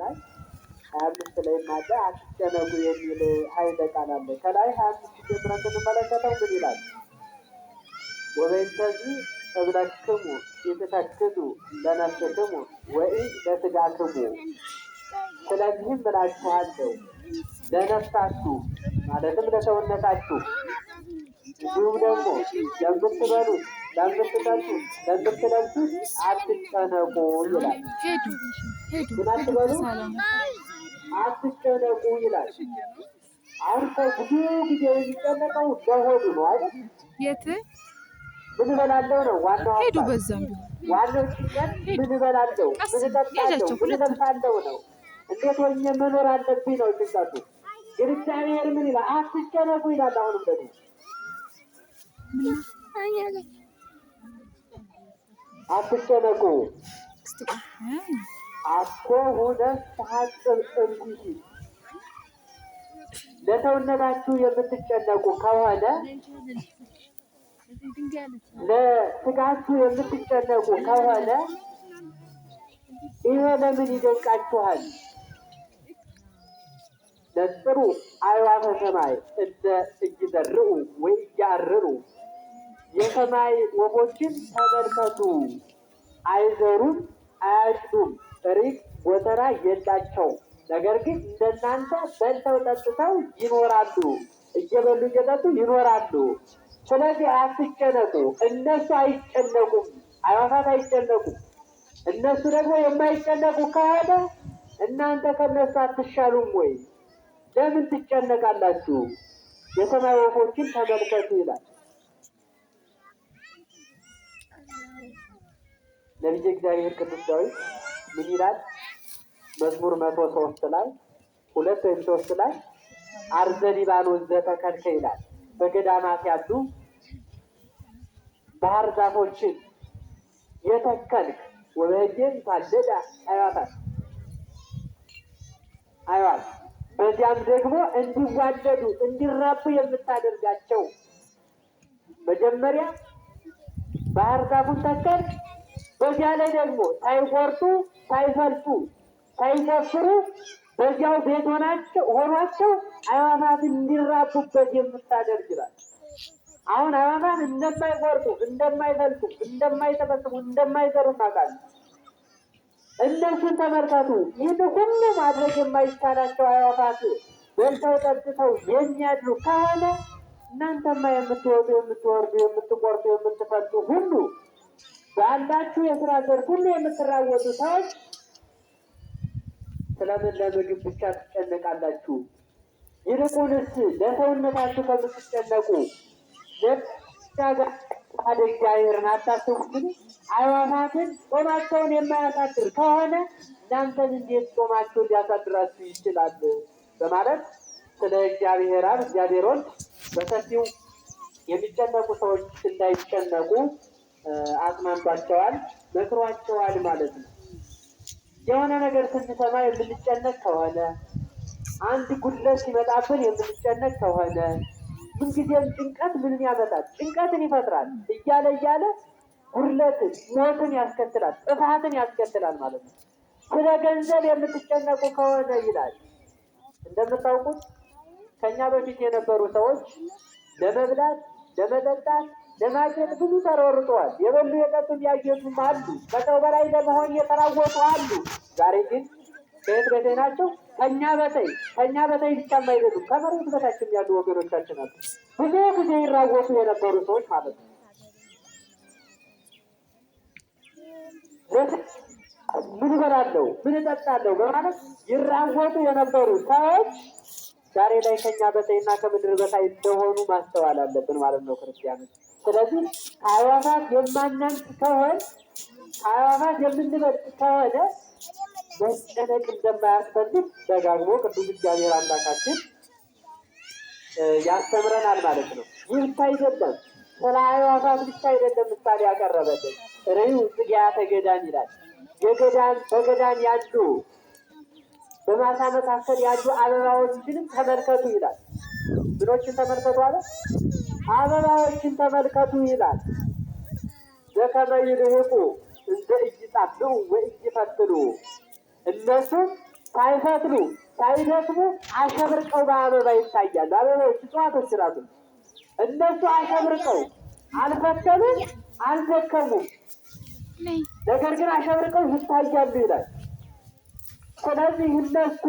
ላይ ሀያ አምስት ላይ ማለ አትጨነቁ የሚል ኃይለ ቃል አለ። ከላይ ሀያ አምስት ጀምረን ምን ይላል? ወበይንተዚ እብለክሙ ኢትተክዙ ለነፍስክሙ ወኢ ለትጋክሙ ስለዚህም እላችኋለሁ ለነፍሳችሁ ማለትም ለሰውነታችሁ እንዲሁም ደግሞ ለምትበሉት ለምትለብሱት አትጨነቁ ይላል። ምን አትበሉ? አትጨነቁ ይላል። አሁን እኮ ብዙ ጊዜ የሚጨነቀው ለሆዱ ነው አይደል? የት ምን እበላለሁ ነው ዋናው። ሄዱ በዛም ዋናው ጭንቀት ምን እበላለሁ፣ ምን እጠጣለሁ፣ ምን እለብሳለሁ ነው። እንዴት ሆኜ መኖር አለብኝ ነው ጭንቀቱ። ግን እግዚአብሔር ምን ይላል? አትጨነቁ ይላል። አሁንም ደግሞ አትጨነቁ። አኮሁነ ተሐጽብ እንዲህ ለሰውነታችሁ የምትጨነቁ ከሆነ ለስጋችሁ የምትጨነቁ ከሆነ ይሄ ለምን ይደንቃችኋል? ነጽሩ አዕዋፈ ሰማይ እንደ እይዘርኡ ወይ እያርሩ የሰማይ ወፎችን ተመልከቱ። አይዘሩም፣ አያጭዱም፣ ጥሪት ጎተራ የላቸውም። ነገር ግን እንደናንተ በልተው ጠጥተው ይኖራሉ፣ እየበሉ እየጠጡ ይኖራሉ። ስለዚህ አትጨነቁ። እነሱ አይጨነቁም፣ አዕዋፋት አይጨነቁም። እነሱ ደግሞ የማይጨነቁ ከሆነ እናንተ ከነሱ አትሻሉም ወይ? ለምን ትጨነቃላችሁ? የሰማይ ወፎችን ተመልከቱ ይላል። ለልጅ እግዚአብሔር ቅዱስ ዳዊት ምን ይላል? መዝሙር መቶ ሶስት ላይ ሁለት ወይም ሶስት ላይ አርዘ ሊባኖስ ዘተከልከ ይላል። በገዳማት ያሉ ባህር ዛፎችን የተከልክ ወበጌም ታደዳ አይዋታል አይዋል በዚያም ደግሞ እንዲዋደዱ እንዲራቡ የምታደርጋቸው መጀመሪያ ባህር ዛፉን ተከልክ በዚያ ላይ ደግሞ ሳይቆርጡ ሳይፈልጡ ሳይሰፍሩ በዚያው ቤት ሆኗቸው አእዋፋትን እንዲራቡበት የምታደርግ ናት። አሁን አእዋፋት እንደማይቆርጡ፣ እንደማይፈልጡ፣ እንደማይሰበስቡ፣ እንደማይዘሩ እናውቃለን። እነሱን ተመልከቱ። ይህን ሁሉ ማድረግ የማይቻላቸው አእዋፋት ወልተው ጠጥተው የሚያድሩ ከሆነ እናንተማ የምትወጡ የምትወርዱ፣ የምትቆርጡ፣ የምትፈልጡ ሁሉ ባላችሁ የስራ ዘርፍ ሁሉ የምትራወጡ ሰዎች ስለምን ለምግብ ብቻ ትጨነቃላችሁ? ይልቁንስ ለሰውነታችሁ ከምትጨነቁ እግዚአብሔርን አታስቡትን? አይዋፋትን ጾማቸውን የማያሳድር ከሆነ እናንተን እንዴት ጾማቸው ሊያሳድራችሁ ይችላል? በማለት ስለ እግዚአብሔር አብ እግዚአብሔር ወልድ በሰፊው የሚጨነቁ ሰዎች እንዳይጨነቁ አጽናንቷቸዋል፣ መክሯቸዋል ማለት ነው። የሆነ ነገር ስንሰማ የምንጨነቅ ከሆነ አንድ ጉድለት ሲመጣብን የምንጨነቅ ከሆነ ምንጊዜም ጭንቀት ምንን ያመጣል? ጭንቀትን ይፈጥራል። እያለ እያለ ጉድለትን፣ ሞትን ያስከትላል፣ ጥፋትን ያስከትላል ማለት ነው። ስለ ገንዘብ የምትጨነቁ ከሆነ ይላል። እንደምታውቁት ከኛ በፊት የነበሩ ሰዎች ለመብላት፣ ለመጠጣት ለማግኘት ብዙ ተሯሩጠዋል። የበሉ የጠጡ ያጌጡም አሉ። ከሰው በላይ ለመሆን የተራወጡ አሉ። ዛሬ ግን ከየት በተይ ናቸው? ከእኛ በተይ ከእኛ በተይ ብቻ የማይበሉም ከመሬት በታችም ያሉ ወገኖቻችን አሉ። ብዙ ጊዜ ይራወጡ የነበሩ ሰዎች ማለት ነው። ምን እበላለሁ፣ ምን እጠጣለሁ በማለት ይራወጡ የነበሩ ሰዎች ዛሬ ላይ ከኛ በታይና ከምድር በታይ እንደሆኑ ማስተዋል አለብን ማለት ነው ክርስቲያኖች። ስለዚህ ከአእዋፋት የማናንስ ከሆን ከአእዋፋት የምንበልጥ ከሆነ መጨነቅ እንደማያስፈልግ ደጋግሞ ቅዱስ እግዚአብሔር አምላካችን ያስተምረናል ማለት ነው። ይህ ብቻ አይደለም፣ ስለ አእዋፋት ብቻ አይደለም ምሳሌ ያቀረበልን። ርዕዩ ጽጌያተ ገዳም ይላል። የገዳም በገዳም ያሉ በማሳ መካከል ያሉ አበባዎችንም ተመልከቱ ይላል። ግኖችን ተመልከቱ አለ። አበባዎችን ተመልከቱ ይላል። ዘከመ ይልህቁ እንደ እጅ ጣብዑ ወእጅ ፈትሉ። እነሱም ሳይፈትሉ ሳይደክሙ አሸብርቀው በአበባ ይታያሉ። አበባዎች እጽዋቶች ራሱ እነሱ አሸብርቀው አልፈተሉም፣ አልደከሙም። ነገር ግን አሸብርቀው ይታያሉ ይላል። ስለዚህ እነሱ